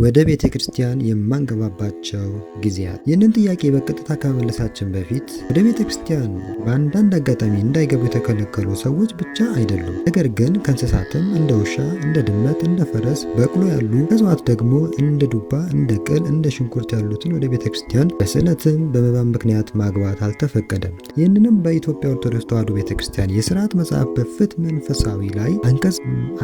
ወደ ቤተ ክርስቲያን የማንገባባቸው ጊዜያት። ይህንን ጥያቄ በቀጥታ ከመመለሳችን በፊት ወደ ቤተ ክርስቲያን በአንዳንድ አጋጣሚ እንዳይገቡ የተከለከሉ ሰዎች ብቻ አይደሉም። ነገር ግን ከእንስሳትም እንደ ውሻ፣ እንደ ድመት፣ እንደ ፈረስ፣ በቅሎ ያሉ ከእጽዋት ደግሞ እንደ ዱባ፣ እንደ ቅል፣ እንደ ሽንኩርት ያሉትን ወደ ቤተ ክርስቲያን በስዕለትም በመባን ምክንያት ማግባት አልተፈቀደም። ይህንንም በኢትዮጵያ ኦርቶዶክስ ተዋሕዶ ቤተ ክርስቲያን የስርዓት መጽሐፍ በፍት መንፈሳዊ ላይ አንቀጽ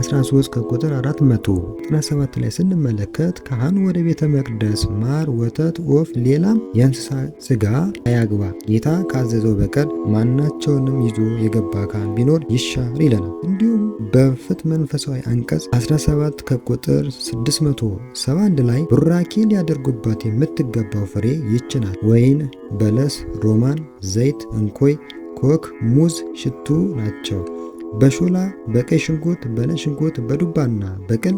13 ከቁጥር 497 ላይ ስንመለከት መለኮት ካህን ወደ ቤተ መቅደስ ማር፣ ወተት፣ ወፍ፣ ሌላም የእንስሳ ስጋ አያግባ ጌታ ካዘዘው በቀር ማናቸውንም ይዞ የገባ ካህን ቢኖር ይሻር ይለናል። እንዲሁም በፍት መንፈሳዊ አንቀጽ 17 ከቁጥር 671 ላይ ቡራኬ ሊያደርጉባት የምትገባው ፍሬ ይችናል ወይን፣ በለስ፣ ሮማን፣ ዘይት፣ እንኮይ፣ ኮክ፣ ሙዝ፣ ሽቱ ናቸው። በሾላ በቀይ ሽንኩርት፣ በነጭ ሽንኩርት፣ በዱባና በቅል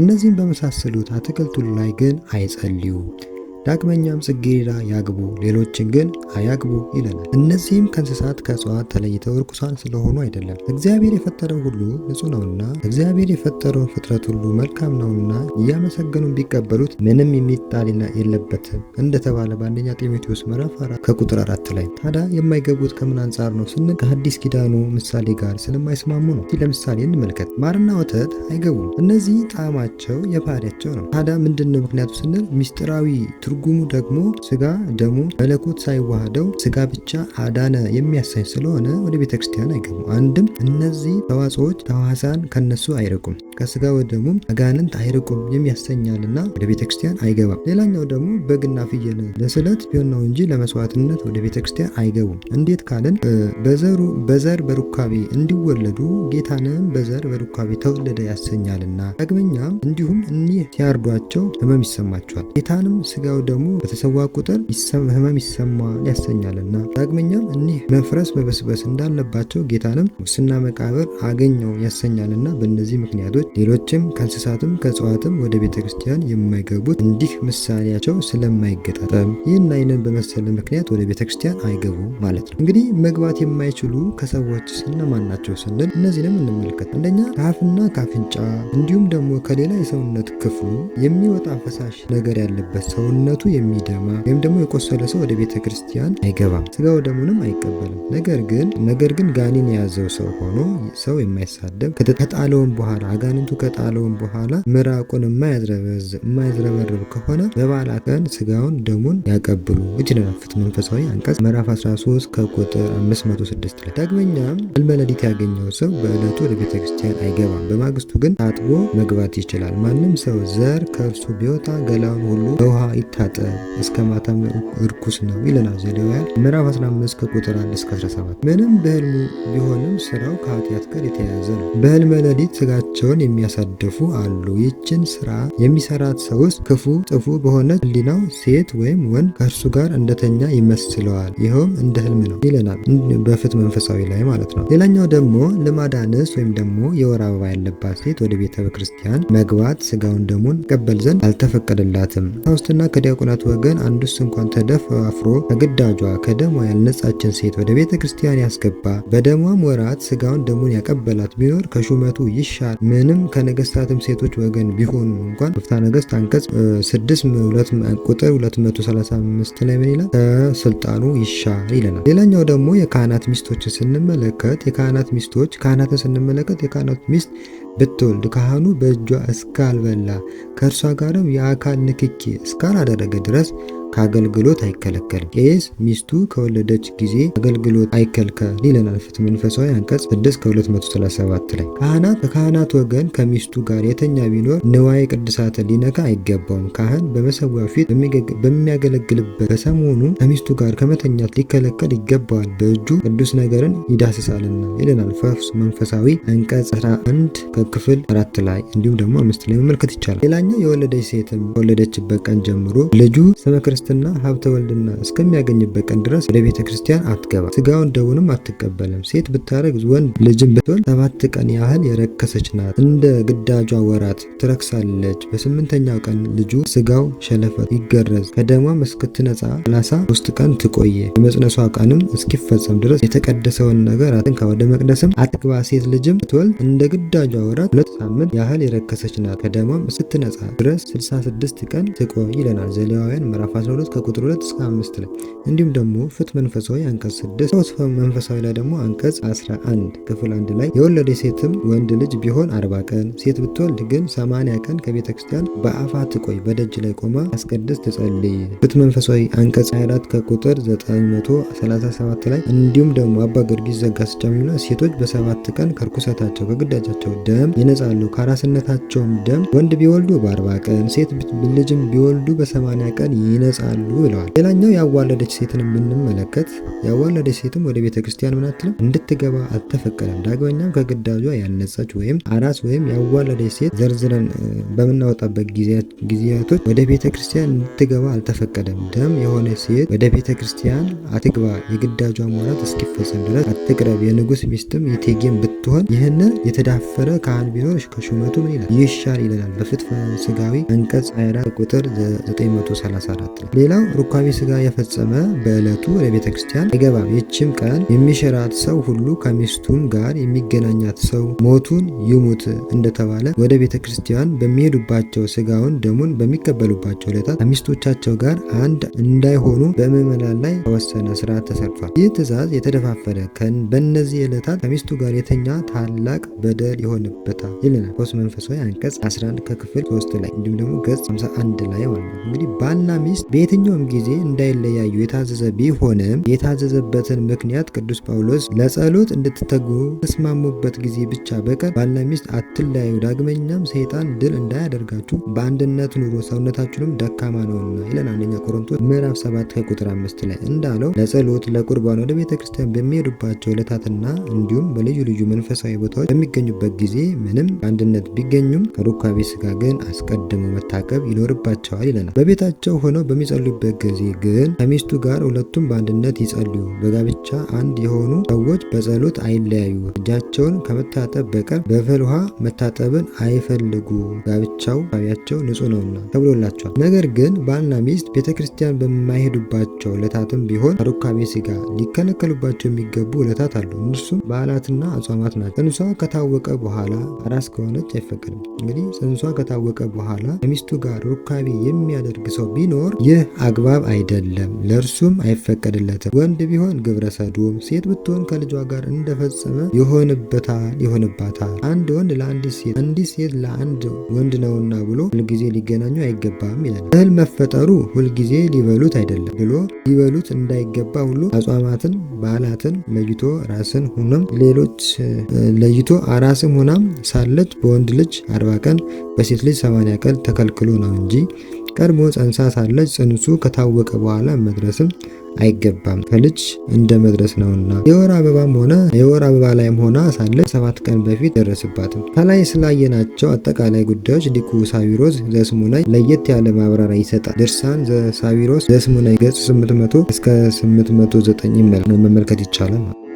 እነዚህም በመሳሰሉት አትክልቱ ላይ ግን አይጸልዩ። ዳግመኛም ጽጌረዳ ያግቡ፣ ሌሎችን ግን አያግቡ ይለናል። እነዚህም ከእንስሳት ከእጽዋት ተለይተው እርኩሳን ስለሆኑ አይደለም። እግዚአብሔር የፈጠረው ሁሉ ንጹ ነውና እግዚአብሔር የፈጠረውን ፍጥረት ሁሉ መልካም ነውና እያመሰገኑን ቢቀበሉት ምንም የሚጣልና የለበትም እንደተባለ በአንደኛ ጢሞቴዎስ ምዕራፍ አራት ከቁጥር አራት ላይ። ታዲያ የማይገቡት ከምን አንጻር ነው ስንል ከአዲስ ኪዳኑ ምሳሌ ጋር ስለማይስማሙ ነው። ለምሳሌ እንመልከት። ማርና ወተት አይገቡም። እነዚህ ጣዕማቸው የባህሪያቸው ነው። ታዲያ ምንድን ነው ምክንያቱ ስንል ሚስጢራዊ ትርጉ ትርጉሙ ደግሞ ስጋ ደሙ መለኮት ሳይዋሃደው ስጋ ብቻ አዳነ የሚያሳይ ስለሆነ ወደ ቤተ ክርስቲያን አይገቡም። አንድም እነዚህ ተዋጽኦች ተዋሳን ከነሱ አይርቁም፣ ከስጋ ወደሙም አጋንንት አይርቁም የሚያሰኛልና ወደ ቤተ ክርስቲያን አይገባም። ሌላኛው ደግሞ በግና ፍየል ለስለት ቢሆን ነው እንጂ ለመስዋዕትነት ወደ ቤተ ክርስቲያን አይገቡም። እንዴት ካልን በዘሩ በዘር በሩካቤ እንዲወለዱ ጌታንም በዘር በሩካቤ ተወለደ ያሰኛልና። ዳግመኛም እንዲሁም እኒህ ሲያርዷቸው ህመም ይሰማቸዋል። ጌታንም ስጋው ደግሞ በተሰዋ ቁጥር ህመም ይሰማዋል ያሰኛልና። ዳግመኛም እኒህ መፍረስ መበስበስ እንዳለባቸው ጌታንም ሙስና መቃብር አገኘው ያሰኛልና። በእነዚህ ምክንያቶች ሌሎችም ከእንስሳትም ከእጽዋትም ወደ ቤተ ክርስቲያን የማይገቡት እንዲህ ምሳሌያቸው ስለማይገጣጠም ይህን አይንን በመሰለ ምክንያት ወደ ቤተ ክርስቲያን አይገቡም ማለት ነው። እንግዲህ መግባት የማይችሉ ከሰዎች እነማን ናቸው ስንል እነዚህንም እንመልከት። አንደኛ ከአፍና ከአፍንጫ እንዲሁም ደግሞ ከሌላ የሰውነት ክፍሉ የሚወጣ ፈሳሽ ነገር ያለበት ሰውነት ሰውነቱ የሚደማ ወይም ደግሞ የቆሰለ ሰው ወደ ቤተ ክርስቲያን አይገባም፣ ስጋው ወደሙንም አይቀበልም። ነገር ግን ነገር ግን ጋኔን የያዘው ሰው ሆኖ ሰው የማይሳደብ ከጣለውን በኋላ አጋንንቱ ከጣለውን በኋላ ምራቁን የማያዝረበርብ ከሆነ በበዓል ቀን ስጋውን ደሙን ያቀብሉ። እጅ ለመፍት መንፈሳዊ አንቀጽ ምዕራፍ 13 ከቁጥር 506 ላይ ዳግመኛም ሕልመ ያገኘው ሰው በዕለቱ ወደ ቤተ ክርስቲያን አይገባም። በማግስቱ ግን ታጥቦ መግባት ይችላል። ማንም ሰው ዘር ከእርሱ ቢወጣ ገላውን ሁሉ በውሃ ይታ አትታጠብ፣ እስከ ማታም እርኩስ ነው ይለናል ዘሌዋውያን ምዕራፍ 15 ከቁጥር 1 እስከ 17። ምንም በህልም ቢሆንም ስራው ከኃጢአት ጋር የተያያዘ ነው። በህልመ ሌሊት ስጋቸውን የሚያሳድፉ አሉ። ይችን ስራ የሚሰራት ሰውስ ክፉ ጥፉ በሆነ ህሊናው ሴት ወይም ወንድ ከእርሱ ጋር እንደተኛ ይመስለዋል፣ ይኸውም እንደ ህልም ነው ይለናል በፍት መንፈሳዊ ላይ ማለት ነው። ሌላኛው ደግሞ ልማዳንስ ወይም ደግሞ የወር አበባ ያለባት ሴት ወደ ቤተ ክርስቲያን መግባት ስጋውን ደሙን ቀበል ዘንድ አልተፈቀደላትም ውስጥና ከዲያቆናት ወገን አንዱስ እንኳን አፍሮ ከግዳጇ ከደሟ ያልነጻችን ሴት ወደ ቤተ ክርስቲያን ያስገባ፣ በደሟም ወራት ስጋውን ደሙን ያቀበላት ቢኖር ከሹመቱ ይሻር። ምንም ከነገስታትም ሴቶች ወገን ቢሆኑ እንኳን ፍትሐ ነገስት አንቀጽ 6 ቁጥር 235 ላይ ምን ይላል? ከስልጣኑ ይሻር ይለናል። ሌላኛው ደግሞ የካህናት ሚስቶችን ስንመለከት የካህናት ሚስቶች ካህናትን ስንመለከት የካህናት ሚስት ብትወልድ ካህኑ በእጇ እስካልበላ ከእርሷ ጋርም የአካል ንክኪ እስካላደረገ ድረስ ከአገልግሎት አይከለከልም። ቄስ ሚስቱ ከወለደች ጊዜ አገልግሎት አይከልከል ይለናል ፍትሐ መንፈሳዊ አንቀጽ 6 ከ237 ላይ። ካህናት ከካህናት ወገን ከሚስቱ ጋር የተኛ ቢኖር ንዋየ ቅድሳትን ሊነካ አይገባውም። ካህን በመሰዊያው ፊት በሚያገለግልበት በሰሞኑ ከሚስቱ ጋር ከመተኛት ሊከለከል ይገባዋል፣ በእጁ ቅዱስ ነገርን ይዳስሳልና ይለናል ፍትሐ መንፈሳዊ አንቀጽ 11 ከክፍል 4 ላይ እንዲሁም ደግሞ አምስት ላይ መመልከት ይቻላል። ሌላኛው የወለደች ሴትም ከወለደችበት ቀን ጀምሮ ልጁ ስመ ርስትና ሀብተ ወልድና እስከሚያገኝበት ቀን ድረስ ወደ ቤተ ክርስቲያን አትገባም፣ ስጋውን ደሙንም አትቀበልም። ሴት ብታረግዝ ወንድ ልጅም ብትወልድ ሰባት ቀን ያህል የረከሰች ናት፣ እንደ ግዳጇ ወራት ትረክሳለች። በስምንተኛው ቀን ልጁ ስጋው ሸለፈት ይገረዝ፣ ከደሟም እስክትነጻ ሰላሳ ሶስት ቀን ትቆየ። የመጽነሷ ቀንም እስኪፈጸም ድረስ የተቀደሰውን ነገር አትንካ፣ ወደ መቅደስም አትግባ። ሴት ልጅም ብትወልድ እንደ ግዳጇ ወራት ሁለት ሳምንት ያህል የረከሰች ናት፣ ከደሟም እስክትነጻ ድረስ 66 ቀን ትቆይ ይለናል ዘሌዋውያን ምዕራፍ 12 ከቁጥር 2 እስከ 5 ላይ እንዲሁም ደግሞ ፍት መንፈሳዊ አንቀጽ 6 ተስፋ መንፈሳዊ ላይ ደግሞ አንቀጽ 11 ክፍል 1 ላይ የወለደ ሴትም ወንድ ልጅ ቢሆን 40 ቀን ሴት ብትወልድ ግን 80 ቀን ከቤተ ክርስቲያን በአፋ ትቆይ፣ በደጅ ላይ ቆማ አስቀድስ ትጸልይ። ፍት መንፈሳዊ አንቀጽ 24 ከቁጥር 937 ላይ እንዲሁም ደግሞ አባ ጊዮርጊስ ዘጋስጫ የሚለ ሴቶች በሰባት ቀን ከርኩሰታቸው ከግዳጃቸው ደም ይነጻሉ ከአራስነታቸውም ደም ወንድ ቢወልዱ በ40 ቀን ሴት ልጅም ቢወልዱ በ80 ቀን ይነጻሉ። ይነጻሉ ብለዋል። ሌላኛው ያዋለደች ሴትን ብንመለከት ያዋለደች ሴትም ወደ ቤተ ክርስቲያን ምን አትልም እንድትገባ አልተፈቀደም። ዳግመኛም ከግዳጇ ያነጻች ወይም አራስ ወይም ያዋለደች ሴት ዘርዝረን በምናወጣበት ጊዜያቶች ወደ ቤተ ክርስቲያን እንድትገባ አልተፈቀደም። ደም የሆነ ሴት ወደ ቤተ ክርስቲያን አትግባ፣ የግዳጇ ሟላት እስኪፈጸም ድረስ አትቅረብ። የንጉስ ሚስትም የቴጌም ብትሆን ይህንን የተዳፈረ ካህን ቢኖር ከሹመቱ ምን ይላል ይሻል ይለናል። በፍትፈ ስጋዊ አንቀጽ 24 ቁጥር 934 ሌላው ሩካቤ ስጋ የፈጸመ በዕለቱ ወደ ቤተ ክርስቲያን አይገባም። ይችም ቀን የሚሽራት ሰው ሁሉ ከሚስቱን ጋር የሚገናኛት ሰው ሞቱን ይሙት እንደተባለ ወደ ቤተ ክርስቲያን በሚሄዱባቸው ስጋውን ደሙን በሚቀበሉባቸው ዕለታት ከሚስቶቻቸው ጋር አንድ እንዳይሆኑ በምዕመናን ላይ ተወሰነ ስርዓት ተሰርቷል። ይህ ትእዛዝ የተደፋፈረ በእነዚህ ዕለታት ከሚስቱ ጋር የተኛ ታላቅ በደል ይሆንበታል ይልናል ሦስት መንፈሳዊ አንቀጽ 11 ከክፍል 3 ላይ እንዲሁም ደግሞ ገጽ 51 ላይ ማለት ነው። እንግዲህ ባልና ሚስት በየትኛውም ጊዜ እንዳይለያዩ የታዘዘ ቢሆንም የታዘዘበትን ምክንያት ቅዱስ ጳውሎስ ለጸሎት እንድትተጉ ተስማሙበት ጊዜ ብቻ በቀር ባልና ሚስት አትለያዩ፣ ዳግመኛም ሰይጣን ድል እንዳያደርጋችሁ በአንድነት ኑሮ፣ ሰውነታችሁንም ደካማ ነውና ይለን አንደኛ ቆሮንቶስ ምዕራፍ 7 ከቁጥር 5 ላይ እንዳለው ለጸሎት ለቁርባን ወደ ቤተ ክርስቲያን በሚሄዱባቸው ዕለታትና እንዲሁም በልዩ ልዩ መንፈሳዊ ቦታዎች በሚገኙበት ጊዜ ምንም አንድነት ቢገኙም ከሩካቤ ስጋ ግን አስቀድሞ መታቀብ ይኖርባቸዋል ይለናል። በቤታቸው ሆነው በሚ በሚጸልዩበት ጊዜ ግን ከሚስቱ ጋር ሁለቱም በአንድነት ይጸልዩ። በጋብቻ አንድ የሆኑ ሰዎች በጸሎት አይለያዩ። እጃቸውን ከመታጠብ በቀር በፈል ውሃ መታጠብን አይፈልጉ፣ ጋብቻው አካባቢያቸው ንጹሕ ነውና ተብሎላቸዋል። ነገር ግን ባልና ሚስት ቤተ ክርስቲያን በማይሄዱባቸው ዕለታትም ቢሆን ከሩካቤ ስጋ ሊከለከሉባቸው የሚገቡ ዕለታት አሉ። እነሱም በዓላትና አጽዋማት ናቸው። ጽንሷ ከታወቀ በኋላ አራስ ከሆነች አይፈቀድም። እንግዲህ ጽንሷ ከታወቀ በኋላ ከሚስቱ ጋር ሩካቤ የሚያደርግ ሰው ቢኖር ይህ ይህ አግባብ አይደለም፣ ለእርሱም አይፈቀድለትም። ወንድ ቢሆን ግብረ ሰዶም፣ ሴት ብትሆን ከልጇ ጋር እንደፈጸመ ይሆንበታል ይሆንባታል። አንድ ወንድ ለአንዲት ሴት፣ አንዲት ሴት ለአንድ ወንድ ነውና ብሎ ሁልጊዜ ሊገናኙ አይገባም ይላል። እህል መፈጠሩ ሁልጊዜ ሊበሉት አይደለም ብሎ ሊበሉት እንዳይገባ ሁሉ አጽዋማትን በዓላትን ለይቶ ራስን ሆኖም ሌሎች ለይቶ አራስም ሆናም ሳለች በወንድ ልጅ አርባ ቀን በሴት ልጅ ሰማንያ ቀን ተከልክሎ ነው እንጂ ቀድሞ ጸንሳ ሳለች ጽንሱ ከታወቀ በኋላ መድረስም አይገባም ከልጅ እንደ መድረስ ነውና። የወር አበባም ሆነ የወር አበባ ላይም ሆና ሳለ ሰባት ቀን በፊት ደረስባትም። ከላይ ስላየናቸው አጠቃላይ ጉዳዮች ሊቁ ሳዊሮስ ዘስሙናይ ለየት ያለ ማብራሪያ ይሰጣል። ድርሳን ዘሳዊሮስ ዘስሙናይ ገጽ 800 እስከ 809 መመልከት ይቻላል።